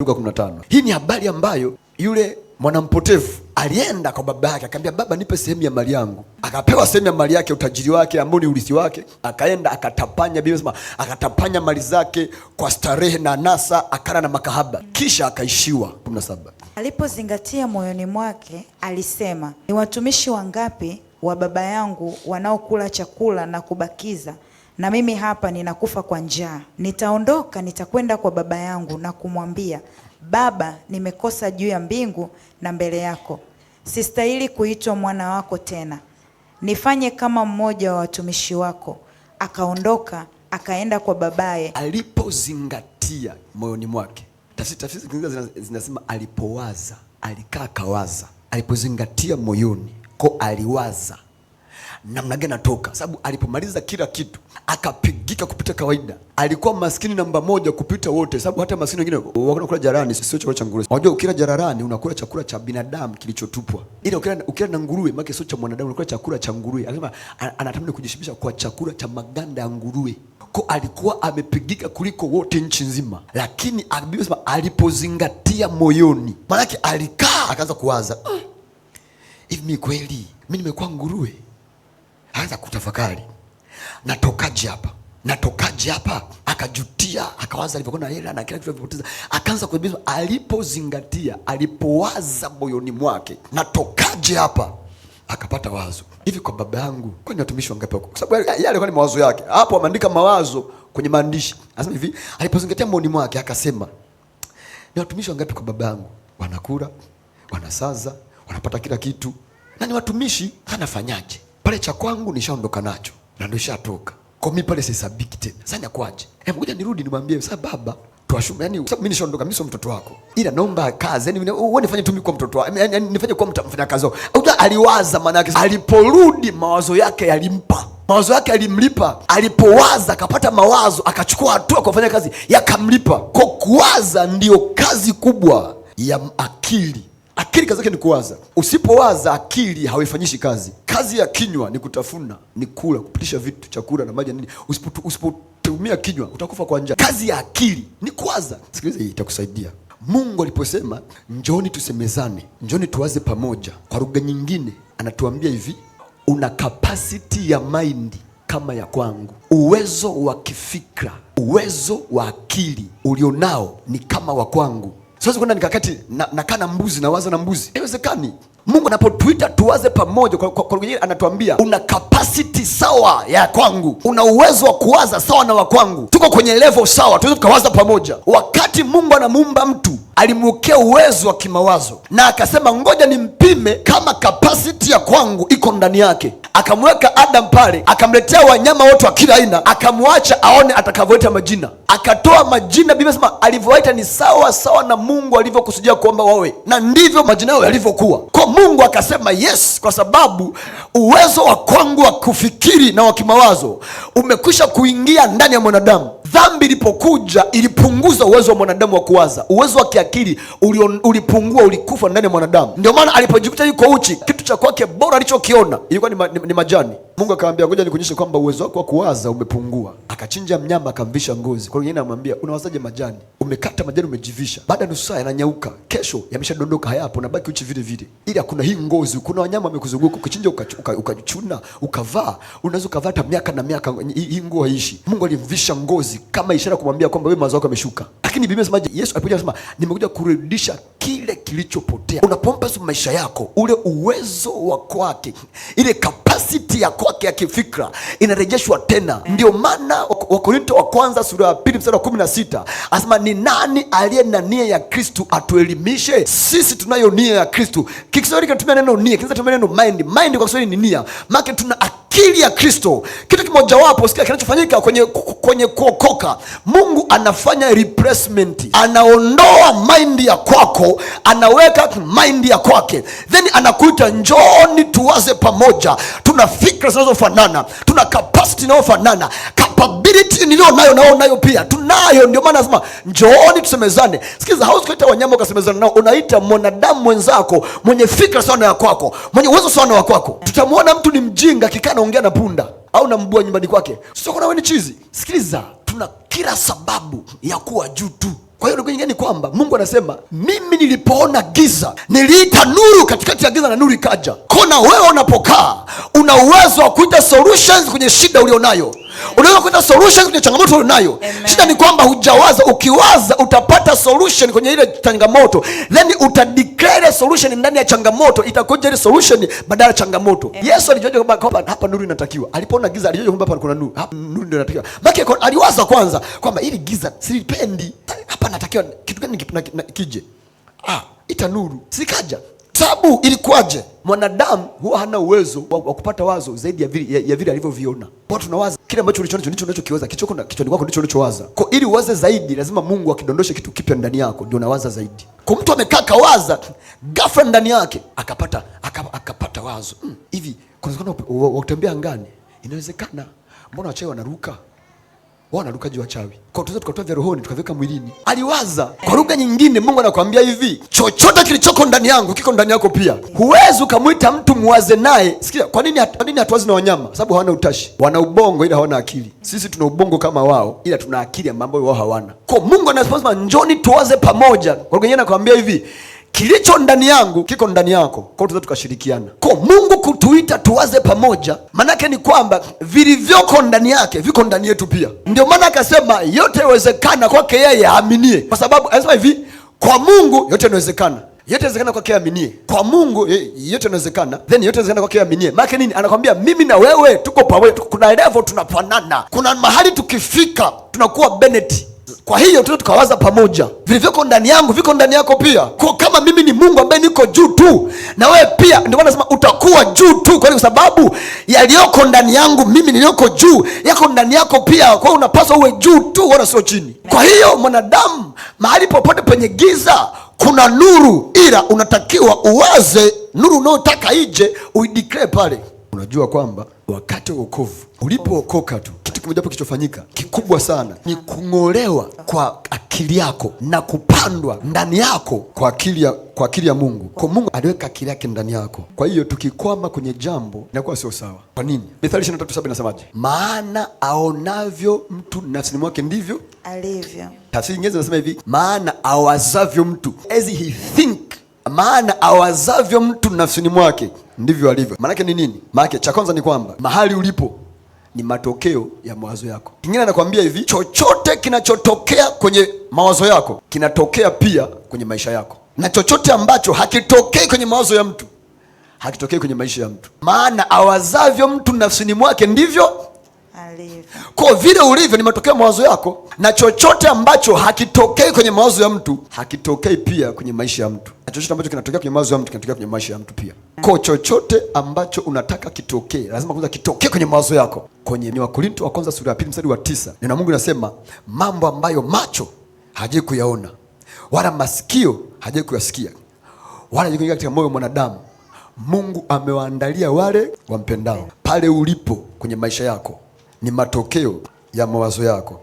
Luka 15. Hii ni habari ambayo yule mwanampotevu alienda kwa baba yake akamwambia, baba, nipe sehemu ya mali yangu. Akapewa sehemu ya mali yake, utajiri wake ambao ni urithi wake. Akaenda akatapanya, Biblia inasema akatapanya mali zake kwa starehe na nasa akala na makahaba, kisha akaishiwa. 17. Alipozingatia moyoni mwake alisema, ni watumishi wangapi wa baba yangu wanaokula chakula na kubakiza na mimi hapa ninakufa kwa njaa. Nitaondoka, nitakwenda kwa baba yangu na kumwambia, Baba, nimekosa juu ya mbingu na mbele yako, sistahili kuitwa mwana wako tena, nifanye kama mmoja wa watumishi wako. Akaondoka akaenda kwa babaye. Alipozingatia moyoni mwake, tafsiri zinasema alipowaza, alikaa kawaza, alipozingatia moyoni ko aliwaza namna gani natoka, sababu alipomaliza kila kitu akapigika kupita kawaida. Alikuwa maskini namba moja kupita wote, sababu hata maskini wengine wanakula jararani, sio chakula cha nguruwe. Unajua, ukila jararani unakula chakula cha binadamu kilichotupwa, ila ukila ukila na nguruwe maki sio cha mwanadamu, unakula chakula cha nguruwe. Anasema anatamani kujishibisha kwa chakula cha maganda ya nguruwe ko alikuwa amepigika kuliko wote nchi nzima, lakini Biblia inasema alipozingatia moyoni, maanake alikaa akaanza kuwaza ah, hivi, uh, mi kweli mi nimekuwa nguruwe? anza kutafakari, natokaje hapa? Natokaje hapa? Akajutia, akawaza alivyokuwa na hela na kila kitu alivyopoteza, akaanza kujibiza. Alipozingatia, alipowaza moyoni mwake, natokaje hapa, akapata wazo hivi, kwa baba yangu, kwani watumishi wangapi wako? Kwa sababu yale alikuwa ni mawazo yake, hapo ameandika mawazo kwenye maandishi. Anasema hivi, alipozingatia moyoni mwake, akasema ni watumishi wangapi kwa baba yangu, wanakula wanasaza, wanapata kila kitu, na ni watumishi, anafanyaje? pale cha kwangu nishaondoka nacho na ndo shatoka kwa mimi pale sisabiki tena. Sasa nikwaje? Eh, ngoja nirudi nimwambie sasa baba tuashume yani, sasa mimi nishaondoka, mimi sio mtoto wako, ila naomba kazi yani, wewe nifanye tu mimi kuwa mtoto wako, yani nifanye kwa mtu mfanya kazi Au Unajua aliwaza, maana yake aliporudi mawazo yake yalimpa mawazo yake alimlipa. Alipowaza akapata mawazo, akachukua hatua kwa kufanya kazi, yakamlipa. Kwa kuwaza ndiyo kazi kubwa ya akili. Akili kazi yake ni kuwaza. Usipowaza akili haifanyishi kazi. Kazi ya kinywa ni kutafuna, ni kula, kupitisha vitu, chakula na maji nini. Usipotumia kinywa utakufa kwa njaa. Kazi ya akili ni kuwaza. Sikiliza, hii itakusaidia. Mungu aliposema njoni tusemezane, njoni tuwaze pamoja, kwa lugha nyingine anatuambia hivi, una kapasiti ya maindi kama ya kwangu, uwezo wa kifikra, uwezo wa akili ulionao ni kama wa kwangu. Siwezi kwenda nikakati nakaa na mbuzi na waza na mbuzi, haiwezekani. Mungu anapotuita tuwaze pamoja, kwa anatuambia una kapasiti sawa ya kwangu, una uwezo wa kuwaza sawa na wa kwangu, tuko kwenye level sawa, tuweze tukawaza pamoja. Wakati Mungu anamuumba mtu alimwekea uwezo wa kimawazo na akasema, ngoja nimpime kama kapasiti ya kwangu iko ndani yake. Akamweka Adam pale, akamletea wanyama wote wa kila aina, akamwacha aone atakavyoita majina. Akatoa majina, Biblia sema alivyowaita ni sawa sawa na Mungu alivyokusudia kuomba wawe, na ndivyo majina yao yalivyokuwa. Mungu akasema yes, kwa sababu uwezo wa kwangu wa kufikiri na wa kimawazo umekwisha kuingia ndani ya mwanadamu. Dhambi ilipokuja ilipunguza uwezo wa mwanadamu wa kuwaza. Uwezo wa kiakili ulion, ulipungua, ulikufa ndani ya mwanadamu. Ndio maana alipojikuta yuko uchi, kitu cha kwake bora alichokiona ilikuwa ni, ma, ni, ni majani. Mungu akamwambia ngoja nikuonyeshe kwamba uwezo wako wa kuwaza umepungua. Akachinja mnyama akamvisha ngozi. Kwa hiyo yeye anamwambia unawazaje majani? Umekata majani umejivisha. Baada ya nusu saa yananyauka. Kesho yameshadondoka hayapo na baki uchi vile vile. Ila kuna hii ngozi, kuna wanyama wamekuzunguka, ukichinja ukachuna, ukavaa, unaweza ukavaa hata miaka na miaka hii nguo haishi. Mungu alimvisha ngozi kama ishara kumwambia kwamba wewe mawazo yako yameshuka. Lakini Biblia inasemaje? Yesu alipokuja akasema nimekuja kurudisha kile kilichopotea. Unapompa maisha yako ule uwezo wa kwake, ile capacity yako kwake ya kifikra inarejeshwa tena. Ndio maana Wakorinto wa kwanza sura ya pili mstari wa kumi na sita anasema ni nani aliye na nia ya Kristu atuelimishe? Sisi tunayo nia ya Kristu. Kikiswahili kinatumia neno nia, tumia neno mind. Mind kwa Kiswahili ni nia, maana tuna akili ya Kristo. Kitu kimojawapo sikia kinachofanyika kwenye kwenye kuokoka, Mungu anafanya replacement, anaondoa mind ya kwako, anaweka mind ya kwake, then anakuita njooni tuwaze pamoja tuna fikra zinazofanana, tuna kapasiti inayofanana, kapabiliti niliyo nayo nao nayo pia tunayo. Ndio maana nasema njooni tusemezane. Sikiza, hauwezi kuleta wanyama ukasemezana nao. Unaita mwanadamu mwenzako mwenye fikra sana ya kwako, mwenye uwezo sana wa kwako. Tutamwona mtu ni mjinga akikaa naongea na punda au na mbwa nyumbani kwake, sio? Kuna wewe ni chizi. Sikiliza, tuna kila sababu ya kuwa juu tu. Kwa hiyo ndugu nyingine ni kwamba Mungu anasema mimi nilipoona giza niliita nuru katikati ya giza na nuru ikaja. Kona wewe unapokaa una uwezo wa kuita solutions kwenye shida ulionayo, unaweza kuita solutions kwenye changamoto ulionayo. Shida ni kwamba hujawaza. Ukiwaza utapata solution kwenye ile changamoto, then uta declare solution ndani ya changamoto, itakuja ile solution badala ya changamoto. Yesu alijua kwamba hapa nuru inatakiwa. Alipoona giza alijua kwamba hapa kuna nuru, hapa nuru ndio inatakiwa. Maana aliwaza kwanza kwamba ili giza silipendi hapa natakiwa kitu gani kije? Ah, ita nuru sikaja sababu ilikuwaje? Mwanadamu huwa hana uwezo wa, wa kupata wazo zaidi ya vile ya vile alivyoviona. tunawaza kile ambacho ndicho kichoko na kwako ndicho unachowaza. Kwa ili uwaze zaidi, lazima Mungu akidondoshe kitu kipya ndani yako, ndio unawaza zaidi. Kwa mtu amekaa kawaza, ghafla ndani yake akapata akapata, akapata wazo hmm, hivi, hmm, wakutembea angani, inawezekana. Mbona wachawi wanaruka? wao wanarukaji wachawi. Kwa tunaweza tukatoa vya rohoni tukaviweka mwilini. Aliwaza kwa lugha nyingine. Mungu anakuambia hivi, chochote kilichoko ndani yangu kiko ndani yako pia. Huwezi ukamwita mtu muwaze naye. Sikia, kwa nini kwa nini hatuwazi na wanyama? Sababu hawana utashi, wana ubongo ila hawana akili. Sisi tuna ubongo kama wao, ila tuna akili ambayo wao hawana. Kwa Mungu anasema njoni tuwaze pamoja. Kwa lugha nyingine anakuambia hivi kilicho ndani yangu kiko ndani yako, kwa tuweza tukashirikiana kwa Mungu kutuita tuwaze pamoja. Maanake ni kwamba vilivyoko ndani yake viko ndani yetu pia. Ndio maana akasema yote yawezekana kwake yeye aaminie, kwa sababu anasema hivi, kwa Mungu yote inawezekana yote inawezekana kwake aminie. Kwa Mungu eh, yote inawezekana, then yote inawezekana kwake aminie. Maana nini? Anakwambia mimi na wewe tuko pamoja, kuna level tunafanana, kuna mahali tukifika tunakuwa beneti. Kwa hiyo tuo tukawaza pamoja, vilivyoko ndani yangu viko ndani yako pia kwa kwamba mimi ni Mungu ambaye niko juu tu, na wewe pia. Ndio maana nasema utakuwa juu tu, kwa sababu yaliyoko ndani yangu mimi niliyoko juu yako ndani yako pia. Kwa hiyo unapaswa uwe juu tu, wala sio chini. Kwa hiyo mwanadamu, mahali popote penye giza kuna nuru, ila unatakiwa uwaze nuru unayotaka ije, uideclare pale unajua kwamba wakati wa wokovu, ulipookoka tu, kitu kimojapo kilichofanyika kikubwa sana ni kung'olewa kwa akili yako na kupandwa ndani yako kwa akili ya kwa akili ya Mungu. Kwa Mungu aliweka akili yake ndani yako. Kwa hiyo tukikwama kwenye jambo inakuwa sio sawa. Kwa nini? Mithali 23:7 inasemaje? Maana aonavyo mtu nafsini mwake ndivyo alivyo. Tafsiri nyingine zinasema hivi, maana awazavyo mtu as he think maana awazavyo mtu nafsini mwake ndivyo alivyo. Maanake ni nini? Maanake cha kwanza ni kwamba mahali ulipo ni matokeo ya mawazo yako. Kingine anakuambia hivi, chochote kinachotokea kwenye mawazo yako kinatokea pia kwenye maisha yako, na chochote ambacho hakitokei kwenye mawazo ya mtu hakitokei kwenye maisha ya mtu. Maana awazavyo mtu nafsini mwake ndivyo kwa vile ulivyo ni matokeo mawazo yako, na chochote ambacho hakitokei kwenye mawazo ya mtu hakitokei pia kwenye maisha ya mtu, na chochote ambacho kinatokea kwenye mawazo ya mtu kinatokea kwenye maisha ya mtu pia. Kwa chochote ambacho unataka kitokee, lazima kwanza kitokee kwenye mawazo yako. Kwenye Wakorinto wa kwanza sura ya pili mstari wa tisa neno Mungu inasema mambo ambayo macho hajai kuyaona wala masikio hajai kuyasikia wala kuingia katika moyo wa mwanadamu Mungu amewaandalia wale wampendao. Pale ulipo kwenye maisha yako ni matokeo ya mawazo yako.